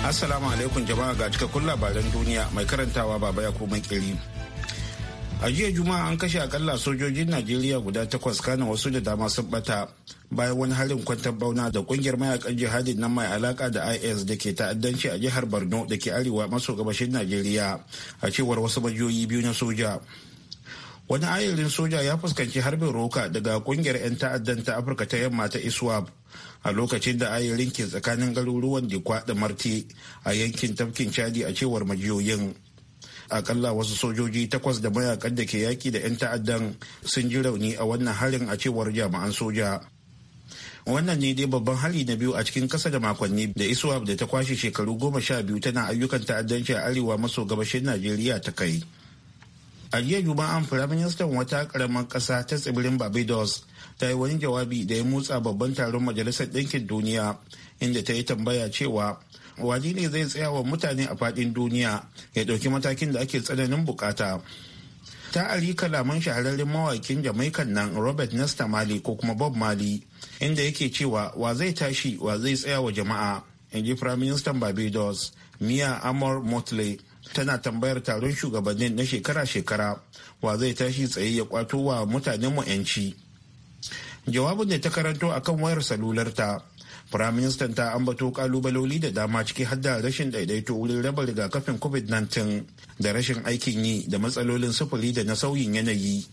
Assalamu alaikum jama'a ga cikakkun labaran duniya mai karantawa baba ya kuma kiri. A jiya juma'a an kashe akalla sojojin Najeriya guda takwas kana wasu da dama sun bata bayan wani harin kwantar bauna da kungiyar mayakan jihadin nan mai alaka da IS da ke ta'addanci a jihar Borno da ke arewa maso gabashin Najeriya a cewar wasu majiyoyi biyu na soja. Wani ayarin soja ya fuskanci harbin roka daga kungiyar 'yan ta'addan ta Afirka ta yamma ta ISWAP a lokacin da ayi rinkin tsakanin garuruwan da kwaɗa marti a yankin tafkin chadi a cewar majiyoyin akalla wasu sojoji takwas da mayakan da ke yaki da 'yan ta'addan sun ji rauni a wannan harin a cewar jami'an soja wannan ne dai babban hali na biyu a cikin kasa da makonni da iswap da ta kwashe shekaru goma sha biyu tana ayyukan ta'addanci a arewa maso gabashin najeriya ta kai a jiya juma'an firaministan wata karamar kasa ta tsibirin barbados ta yi wani jawabi da ya motsa babban taron majalisar ɗinkin duniya inda ta yi tambaya cewa wani ne zai tsaya wa mutane a faɗin duniya ya ɗauki matakin da ake tsananin bukata ta ari kalaman shahararren mawakin jamaikan nan robert nesta mali ko kuma bob mali inda yake cewa wa zai tashi wa zai tsaya wa jama'a in ji prime barbados mia amor motley tana tambayar taron shugabannin na shekara-shekara wa zai tashi tsaye ya kwato wa mutanenmu 'yanci jawabin da ta karanto a kan wayar salularta firaministan ta ambato kalubaloli da dama ciki har da rashin daidaito wurin raba rigakafin covid-19 da rashin aikin yi da matsalolin sufuri da na sauyin yanayi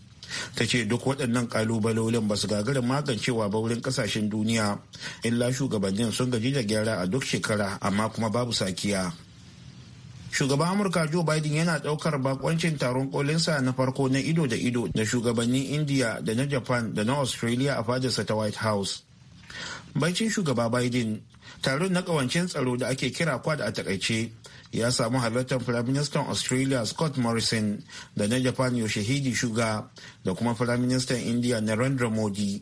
ta ce duk waɗannan kalubalolin ba su gagara magancewa ba wurin ƙasashen duniya illa shugabannin sun gaji da gyara a duk shekara amma kuma babu sakiya shugaban amurka joe biden yana ɗaukar bakoncin taron kolinsa na farko na ido da ido da shugabannin india da na japan da na australia a fadarsa ta white house baicin shugaba biden taron na kawancin tsaro da ake kira kwad a takaice ya samu halartar firaministan australia scott morrison da na japan Yoshihide shuga da kuma firaministan india narendra modi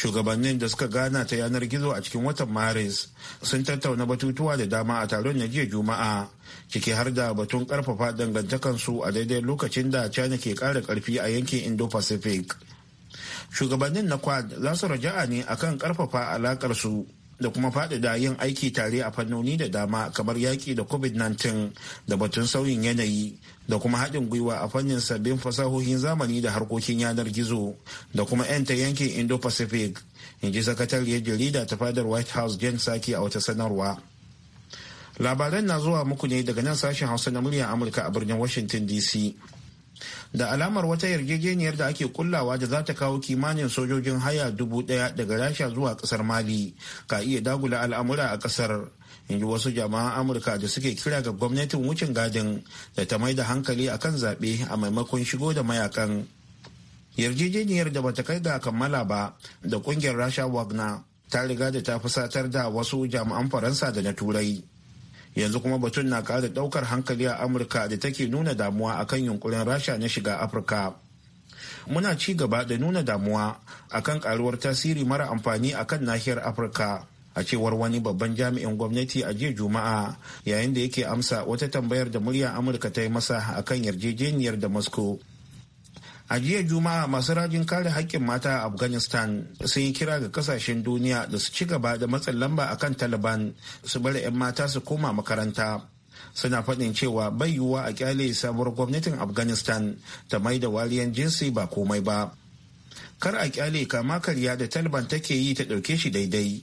shugabannin da suka gana ta yanar gizo a cikin watan maris sun tattauna batutuwa da dama a taron na jiya juma'a ciki har da batun karfafa dangantakansu a daidai lokacin da china ke kara karfi a yankin indo-pacific shugabannin na quad za su raja'a ne akan karfafa alakarsu da kuma faɗaɗa yin aiki tare a fannoni da dama kamar yaki da covid-19 da batun sauyin yanayi da kuma haɗin gwiwa a fannin sabbin fasahohin zamani da harkokin yanar gizo da kuma 'yan ta yankin indo-pacific in ji sakatariyar jarida ta fadar white house jen saki a wata sanarwa labaran na zuwa muku ne daga nan sashen hausa na muryar amurka a birnin washington dc da alamar wata yarjejeniyar da ake kullawa da za ta kawo kimanin sojojin haya dubu daya daga rasha zuwa kasar mali ka iya dagula al'amura a kasar ji wasu jami'an amurka da suke kira ga gwamnatin wucin gadin da ta mai da hankali a kan zaɓe a maimakon shigo da mayakan yarjejeniyar da bata kai ga kammala ba da kungiyar rasha wagner ta riga da ta fusatar da wasu jami'an faransa da na turai yanzu kuma batun na ƙara ɗaukar hankali a amurka da take nuna damuwa akan yunkurin rasha na shiga afirka muna ci gaba da nuna damuwa akan karuwar tasiri mara amfani akan nahiyar afirka a cewar wani babban jami'in gwamnati a jiya juma'a yayin da yake amsa wata tambayar da murya amurka ta yi masa akan yarjejeniyar da moscow A jiya Juma'a masu rajin kare haƙƙin mata a Afghanistan sun yi kira ga kasashen duniya da su ci gaba da matsin lamba a kan Taliban su bar 'yan mata su koma makaranta. Suna faɗin cewa bai yiwuwa a kyale sabuwar gwamnatin Afghanistan ta mai da wariyan jinsi ba komai ba. Kar a kyale kama karya da Taliban take yi ta ɗauke shi daidai.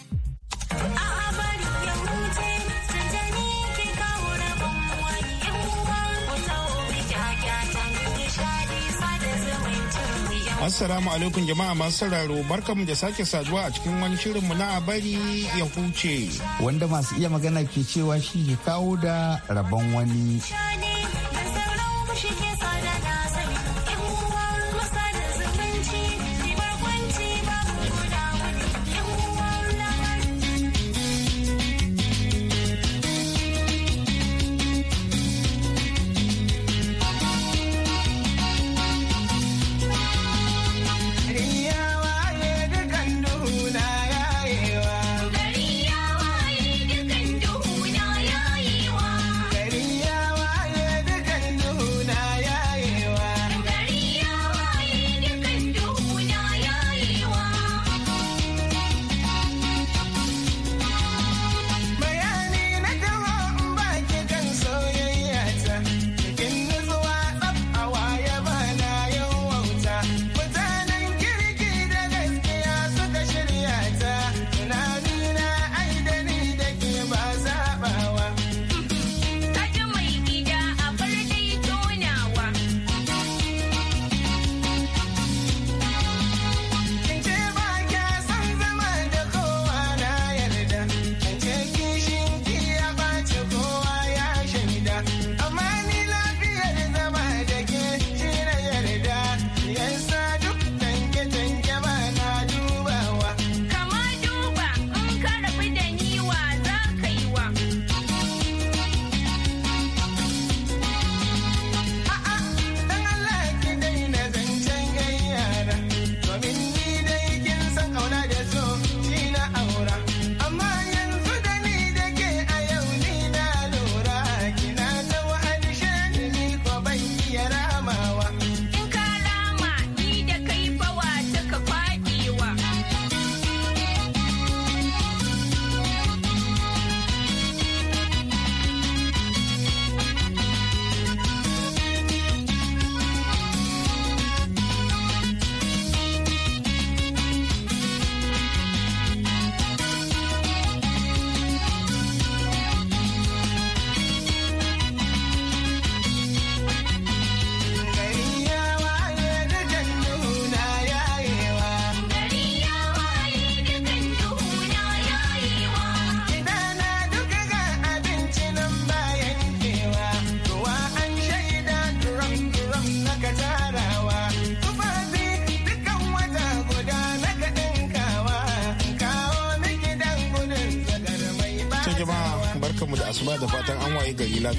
Assalamu alaikum jama'a masu sauraro barkamu da sake saduwa a cikin wani shirin mu na bari ya huce. Wanda masu iya magana ke cewa shi ke kawo da rabon wani.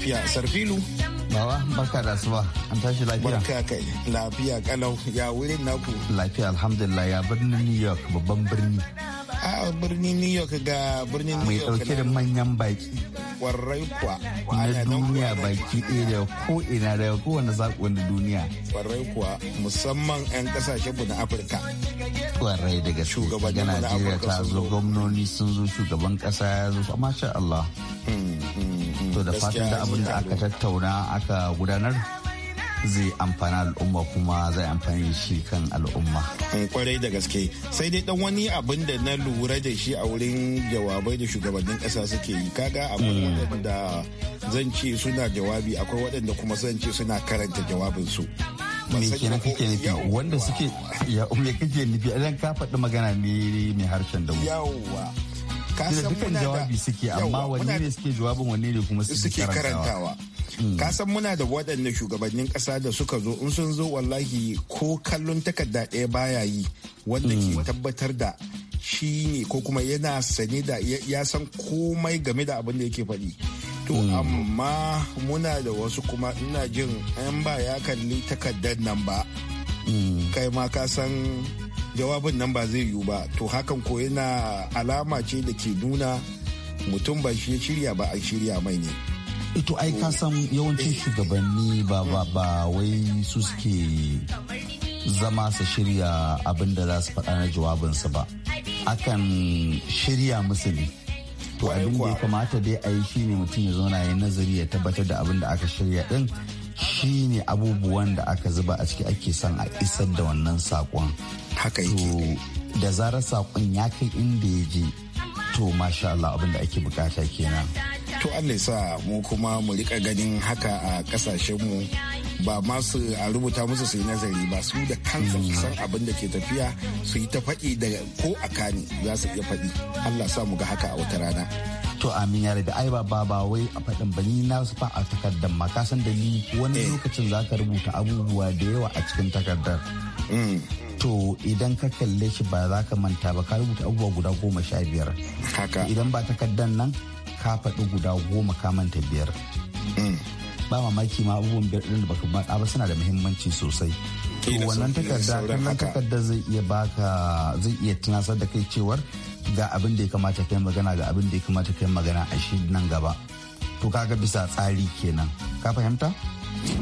lafiya sarfilu Baba, barka da asuba, an tashi lafiya. Barka kai, lafiya kalau ya wurin naku. Lafiya alhamdulillah ya birnin New York babban birni. A ah, birnin New York ga birnin New York. Mai dauke da manyan baki. kwarai kwa na duniya baki ɗaya da ko ina da kowane saƙo na duniya kwarai kuwa musamman 'yan kasashen mu na afirka kwarai daga shugaban najeriya ta zo gwamnoni sun zo shugaban kasa ya zo masha allah hmm, hmm, hmm. to da fatan da abin da aka tattauna aka gudanar zai amfani al'umma kuma zai amfani shi kan al'umma. Eh, kwarai da gaske sai dai dan wani abin da na lura da shi a wurin jawabai da shugabannin kasa suke yi kaga akwai hmm. waɗanda zan ce suna jawabi akwai waɗanda kuma zan ce suna karanta jawabinsu. me kenan kake nufi wanda suke ya me kake nufi idan ka faɗi magana ne mai harshen da mu yawwa ka san dukkan jawabi suke amma wanne ne suke jawabin wanne ne kuma suke karantawa Mm. ka san muna da waɗanda shugabannin ƙasa da suka zo in sun zo wallahi ko kallon takarda ɗaya baya yi wanda ke mm. tabbatar da shi ne ko kuma yana sane da ya san komai game da abin da yake faɗi to mm. amma muna da wasu kuma ina jin an ba ya kalli takardar nan ba kai ma ka san jawabin nan ba zai yiwu ba to hakan ko yana alama ce da ke nuna mutum ba shi shirya ba a shirya mai ne. ito ai ka san yawancin eh. shugabanni ba ba ba wai su suke zama su shirya abin da za su faɗa na jawabinsu ba akan shirya musu ne to abin da ya kamata dai a yi shine mutum ya zauna ya nazari ya tabbatar da abin da aka shirya din shine abubuwan da aka zuba a ciki ake son a isar da wannan saƙon haka yake da zarar saƙon ya kai inda ya je to masha Allah abin da ake bukata kenan to allah sa mu kuma mu rika ganin haka a kasashen mu ba masu a rubuta musu su yi nazari ba su da kansa su san abin da ke tafiya su yi ta faɗi daga ko a kani za su iya faɗi allah sa mu ga haka a wata rana to amin ya rabi ai ba ba wai a faɗin ba ni na su fa a takardar ma kasan da ni wani eh. lokacin za ka rubuta abubuwa da yawa a cikin takardar mm. to idan ka kalle shi ba za ka manta ba ka rubuta abubuwa guda goma sha biyar idan ba takardar nan ka faɗi guda goma ka manta biyar mm. ba mamaki ma abubuwan biyar ɗin da baka ba ba suna da muhimmanci sosai wannan takarda kallon takarda zai iya baka zai iya tunasar da kai cewar ga abin da ya kamata kai magana ga abin da ya kamata kai magana a shi nan gaba to kaga bisa tsari kenan ka fahimta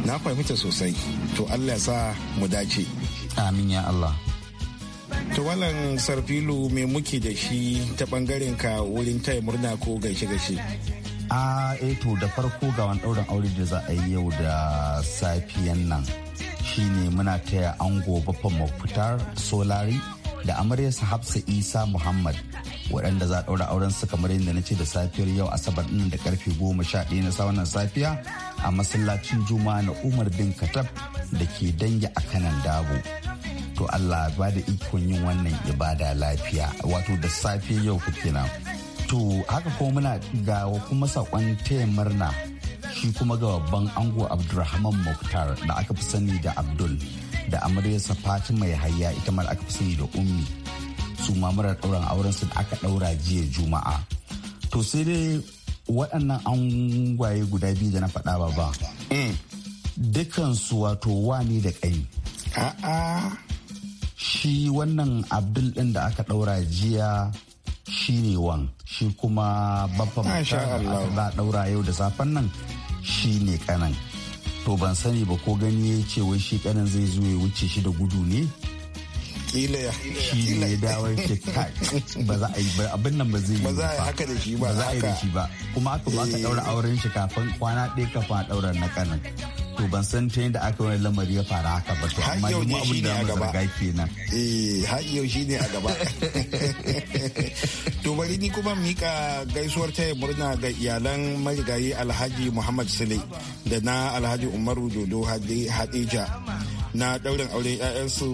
na fahimta sosai to Allah ya sa mu dace amin ya Allah Tuwalan sarfilu mai muke da shi ta bangaren ka wurin taya murna ko gaishe-gaishe. a eto eh da farko ga wani ɗaurin aure da za a yi yau da safiyan nan shine muna taya ango gobe mafitar solari da amaryarsa hafsa isa muhammad waɗanda za a ɗaura auren su kamar yadda na ce da safiyar yau asabar ɗin da karfe goma sha ɗaya na sawanan safiya a masallacin juma'a na umar bin katab da ke dangi a kanan dabo to Allah ba da ikon yin wannan ibada lafiya wato da safe yau kenan to haka kuma muna ga kuma sakon taya murna shi kuma ga babban ango abdulrahman muktar da aka fi sani da abdul da amaryarsa fatima mai hayya ita ma aka fi sani da ummi su mamurar ɗauran auren su da aka ɗaura jiya juma'a to sai dai waɗannan angwaye guda biyu da na faɗa ba ba mm. dukansu wato wani da ƙani A'a. shi wannan abdul ɗin da aka ɗaura jiya shi ne wan shi kuma babban mutar aka ɗaura yau da safen nan shi ne kanan to ban sani ba ko gani ya ce wai shi kanan zai zo ya wuce shi da gudu ne kila ya shi ne ya dawo ke ba za a yi ba abin nan ba zai yi ba za a yi haka da shi ba za a yi da shi ba kuma aka ba ka daura auren shi kafin kwana ɗaya kafin a daura na kanan to ban san ta yadda aka wani lamari ya fara haka ba to amma yau abin da mu zarga kenan eh har yau shine a gaba to bari ni kuma mika gaisuwar ta murna ga iyalan marigayi Alhaji Muhammad Sule da na Alhaji Umaru Dodo Hadija na daurin auren 'ya'yansu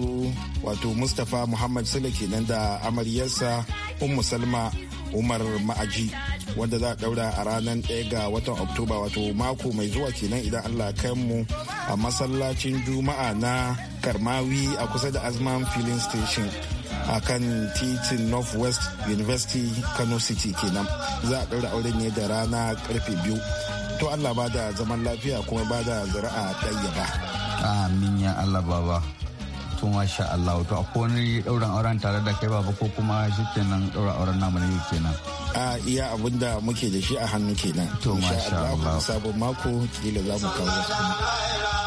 wato Mustapha Muhammad Sule kenan da amaryarsa Ummu Salma umar ma'aji wanda za a daura a ranar 1 ga watan oktoba wato mako mai zuwa kenan idan allah kai mu a masallacin juma'a na karmawi a kusa da azman filling station a kan titin northwest university kano city kenan za a daura auren ne da rana karfe biyu to allah ba da zaman lafiya kuma ba da ɗaya ɗayyaba amin ya allah baba to masha Allah to akwai wani dauran auren tare da kai baba ko kuma shi kenan dauran auren namu ne kenan. A iya abinda muke da shi a hannu kenan. To masha Allah. Sabon mako kila za mu kawo.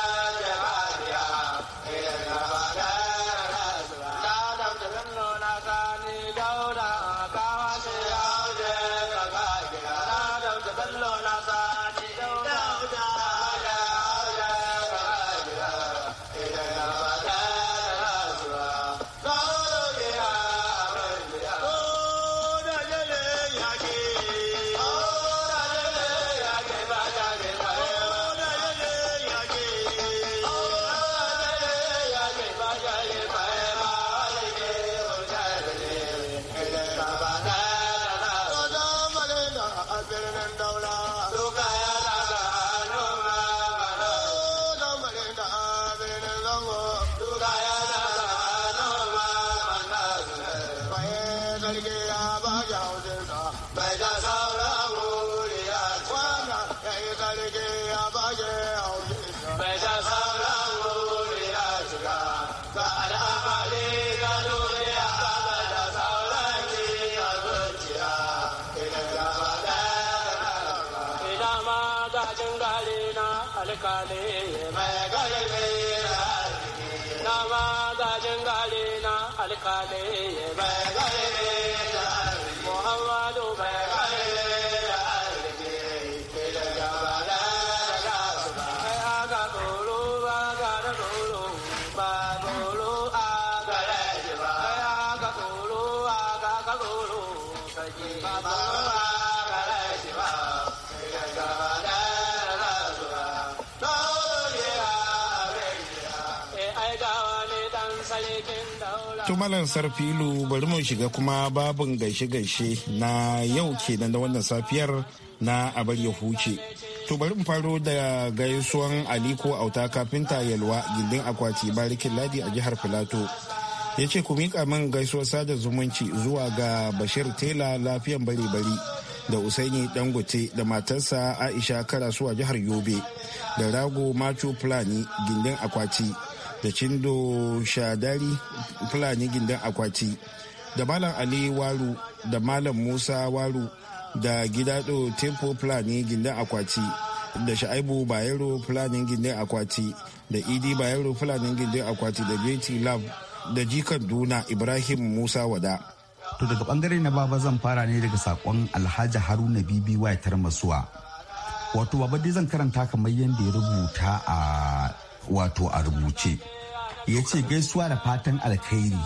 rajin gare na alkalai bai bai Malam Sarfilu bari mu shiga kuma babin gaishe-gaishe na yau kenan da wannan safiyar na abar ya huce. To bari mu faro da gaisuwan Aliko Auta kafinta Yalwa gindin akwati barikin ladi a jihar Filato. Ya ce ku miƙa min gaisuwar sada zumunci zuwa ga Bashir Tela lafiyan bari-bari. da usaini dangote da matarsa aisha karasuwa jihar yobe da rago macho fulani gindin akwati da cindo shadari fulani gindin akwati da malam ali waru da malam musa waru da gidado tempo fulani gindin akwati da sha'ibu bayero fulani gindin akwati da idi bayero fulani gindin akwati da beauty lab da jikan duna ibrahim musa wada to daga bangare na baba zan fara ne daga sakon alhaji haruna bibi wayatar masuwa wato baba dai zan karanta kamar yadda ya rubuta a wato a rubuce ya ce gaisuwa da fatan alkhairi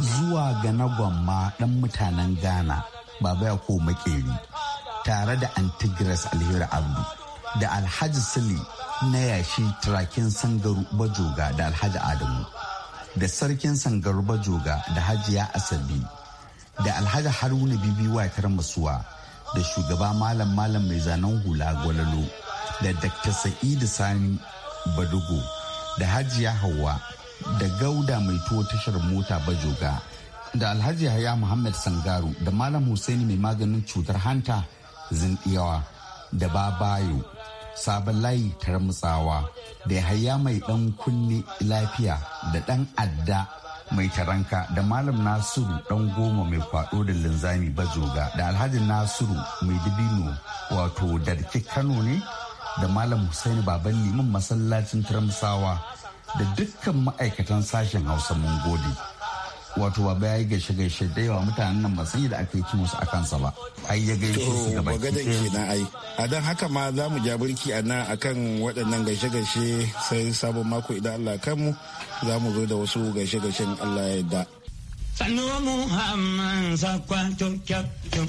zuwa ga na gwamma dan mutanen ghana baba ya ko makeri tare da antigras alheri abdu da alhaji sili na yashi turakin sangaru bajoga da alhaji adamu da sarkin sangaru bajoga da hajiya asabi da alhaji haruna bibi watar masuwa da shugaba malam malam mai zanen hula gwalalo da dr sa'idu sani badugu da hajiya Hauwa da gauda mai tuwo tashar mota bajoga da alhaji haya muhammad sangaru da malam husaini mai maganin cutar hanta zindiyawa da babayo sabon layi tarmutsawa da haya mai dan kunne lafiya da dan adda mai taranka da malam nasiru dan goma mai kwado da linzami bajoga da alhaji nasiru mai dibino wato da kano ne da Malam Hussaini Baban Liman masallacin Turamsawa da dukkan ma'aikatan sashen Hausa mun gode. Wato baba ya yi gaishe gaishe da yawa mutanen nan ba sanya da aka yi musu a kansa ba. Ai ya gaishe su baki. gadan kenan ai. A dan haka ma za mu ja birki a nan akan waɗannan gaishe gaishe sai sabon mako idan Allah kanmu za mu zo da wasu gaishe gaishen Allah ya yarda. Sanu Muhammad sakwato kyakkyau.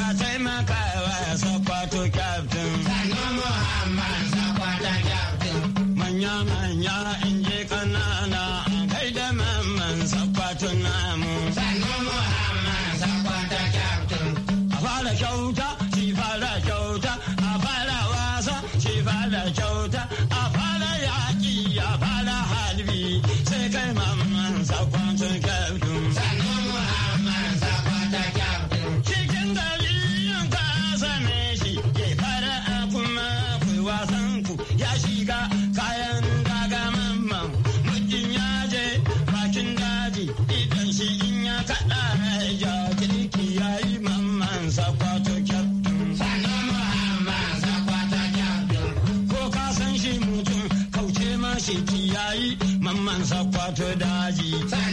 an sakwato daji.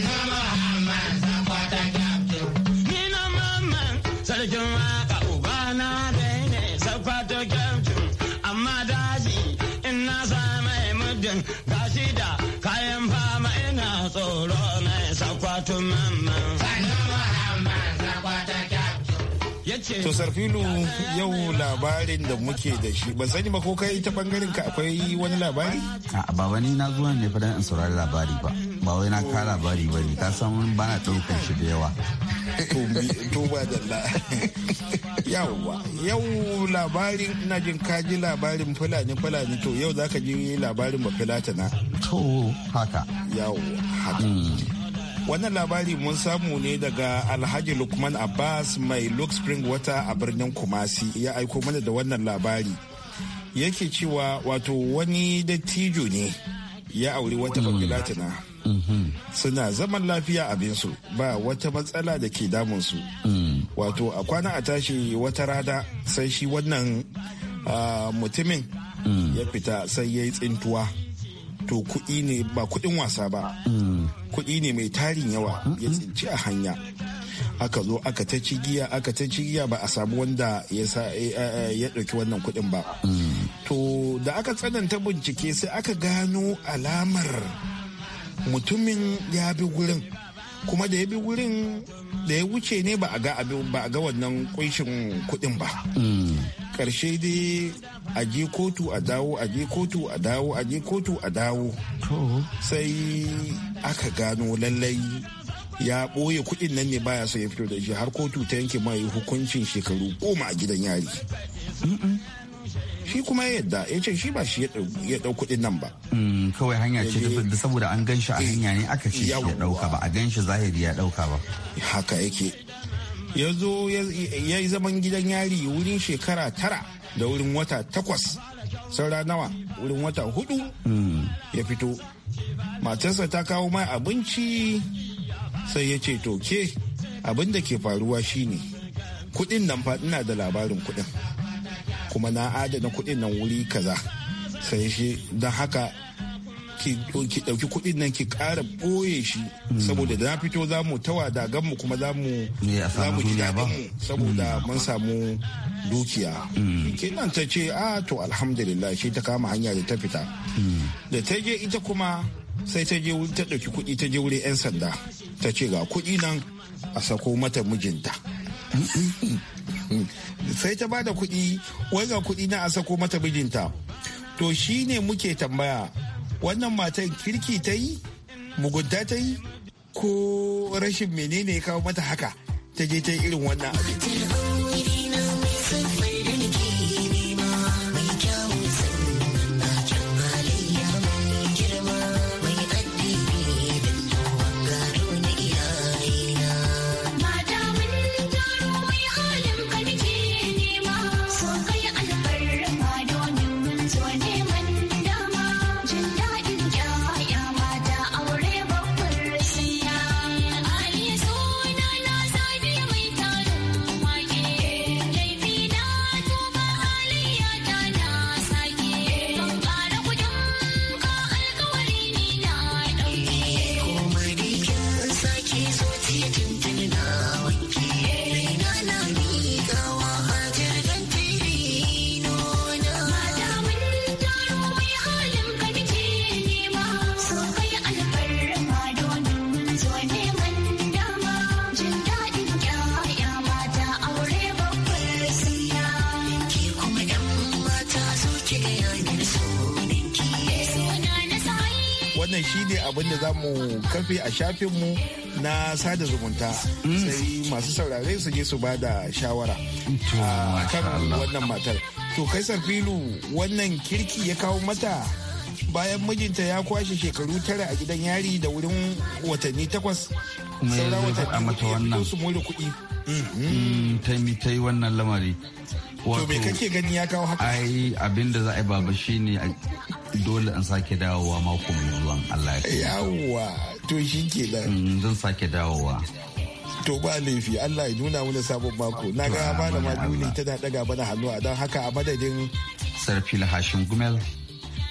to sarfilu yau labarin da muke da shi ban sani ba ko kai ta bangaren ka akwai wani labari a ba wani na zuwa ne fadan in saurari labari ba ba wai na ka labari ba ne ka san wani bana ɗaukar shi da yawa to ba la. yawwa yau labarin ina jin ka ji labarin fulani fulani to yau zaka ji labarin ba fulata na to haka yawwa haka mm. wannan labari mun samu ne daga alhaji lukman abbas mai luke spring water a birnin kumasi ya aiko mana da wannan labari yake cewa wato wani dattijo ne ya auri wata mm. babilatina mm-hmm. suna zaman lafiya abinsu ba wata matsala da ke damun su mm. wato a kwana a tashi wata rada sai shi wannan ah, mutumin mm. ya fita sai ya yi tsintuwa to kuɗi ne ba kuɗin wasa ba mm. kuɗi ne mai tarin yawa ya tsinci a hanya aka zo aka ta cigiya aka ta cigiya ba a samu wanda ya eh, eh, ɗauki wannan kuɗin ba mm. to da aka tsananta bincike sai aka gano alamar mutumin ya bi gurin kuma da ya bi wurin da ya wuce ne ba a ga wannan kunshin kuɗin ba mm. karshe dai a je kotu a dawo a je kotu a dawo a je kotu a dawo sai aka gano lallai ya ɓoye kuɗin nan ne baya so ya fito da shi har kotu ta yanke mai hukuncin shekaru goma a gidan yari shi kuma yadda ya ce shi ba shi ya ɗau kuɗin nan ba mm, kawai hanya ce eh, da saboda an gan shi a hanya ne aka ce ya ɗauka ba a gan shi zahiri ya ɗauka ba haka yake ya zo ya yi zaman gidan yari wurin shekara tara da wurin wata takwas saura nawa wurin wata hudu ya fito matarsa ta kawo mai abinci sai ya ce to ke abin da ke faruwa shine kudin nan fa da labarin kudin kuma na adana kudin nan wuri kaza sai shi don haka ki ɗauki kuɗin nan ki ƙara ɓoye shi hmm. saboda da na fito za mu tawa gan mu kuma za mu ji mu saboda hmm. mun samu dukiya hmm. nan ta ce a ah, to alhamdulillah shi ta kama hanya da ta fita da ta je ita kuma sai ta je ta ɗauki kuɗi ta je wurin 'yan sanda ta ce ga kuɗi nan a sako mata mijinta sai ta bada kuɗi wai ga kuɗi nan a sako mata mijinta to shi ne muke tambaya wannan matan kirki ta yi mugunta ta yi ko rashin menene ya kawo mata haka ta je ta yi irin wannan abin karfe a shafinmu na sada zumunta sai masu saurare su je su ba da shawara kan wannan matar to kai sarfilu wannan kirki ya kawo mata bayan mijinta ya kwashe shekaru tara a gidan yari da wurin watanni takwas sauran watanni mm, mm-hmm. mm, ta yi ta yi wannan lamari to me kake gani ya kawo haka ai abin da za a yi baba shine dole in sake dawowa mako mai zuwan Allah ya yawwa to shi mm, zan sake dawowa to ba laifi Allah ya nuna mana sabon mako na ga malama duni tana daga bana hannu a don haka a madadin sarfi lahashin gumel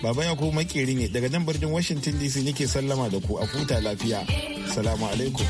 baba ya kuma makeri ne daga nan birnin Washington DC nake sallama da ku a futa lafiya salamu alaikum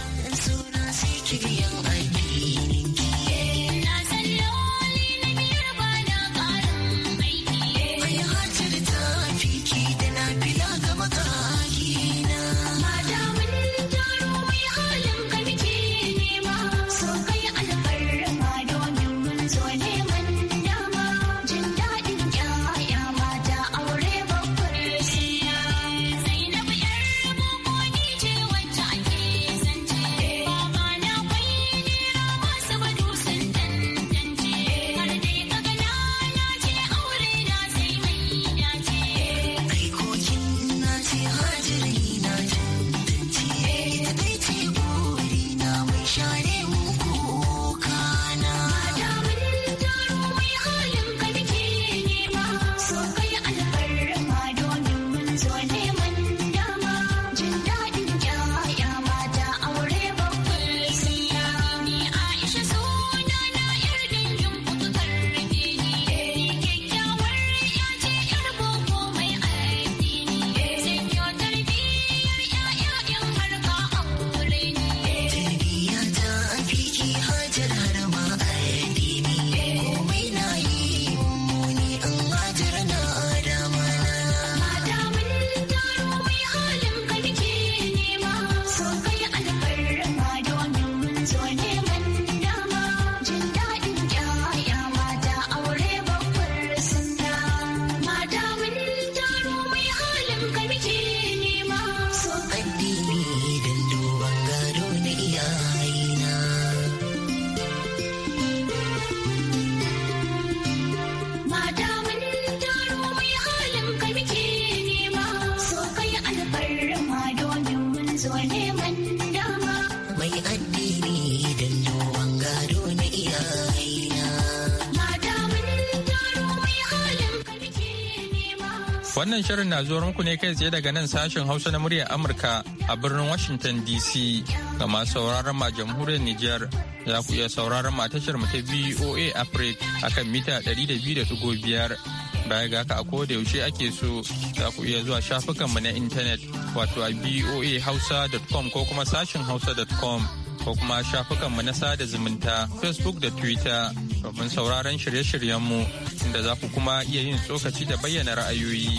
Wannan shirin na zuwa muku ne kai tsaye daga nan sashen Hausa na muryar Amurka a birnin Washington DC ga masu sauraron ma jamhuriyar Nijar za ku iya sauraron ma tashar mu ta VOA Africa akan mita 200.5 baya ga haka a koda yaushe ake so za ku iya zuwa shafukan mu na intanet wato a voahausa.com ko kuma sashen hausa.com ko kuma shafukan mu na sada zumunta Facebook da Twitter domin sauraron shirye-shiryenmu inda za ku kuma iya yin tsokaci da bayyana ra'ayoyi.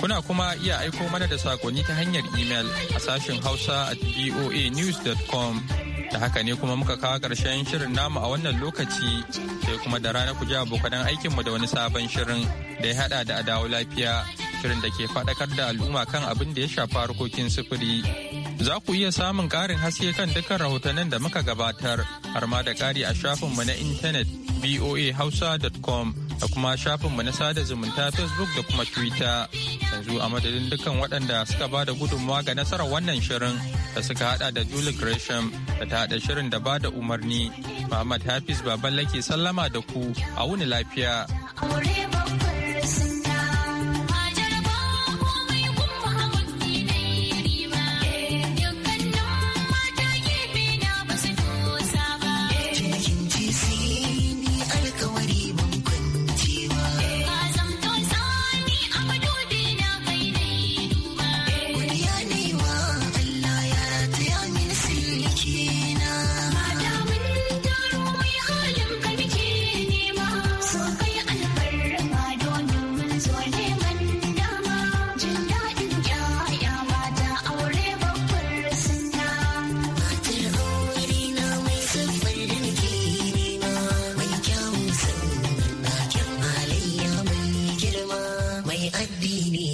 Kuna kuma iya aiko mana da sakonni ta hanyar imel a sashen Hausa at com Da haka ne kuma muka kawo ƙarshen shirin namu a wannan lokaci sai kuma da rana ku ji abokanan aikinmu da wani sabon shirin da ya haɗa da adawo lafiya shirin da ke faɗakar da al'umma kan abin da ya shafa harkokin sufuri. Za ku iya samun ƙarin haske kan dukkan rahotannin da muka gabatar har ma da ƙari a shafinmu na intanet voahausa.com da kuma shafinmu na sada zumunta facebook da kuma twitter yanzu a madadin dukkan waɗanda suka ba da gudunmawa ga nasarar wannan shirin da suka hada da julie gresham da ta haɗa shirin da ba da umarni muhammad hafiz baballa ke sallama da ku a wuni lafiya.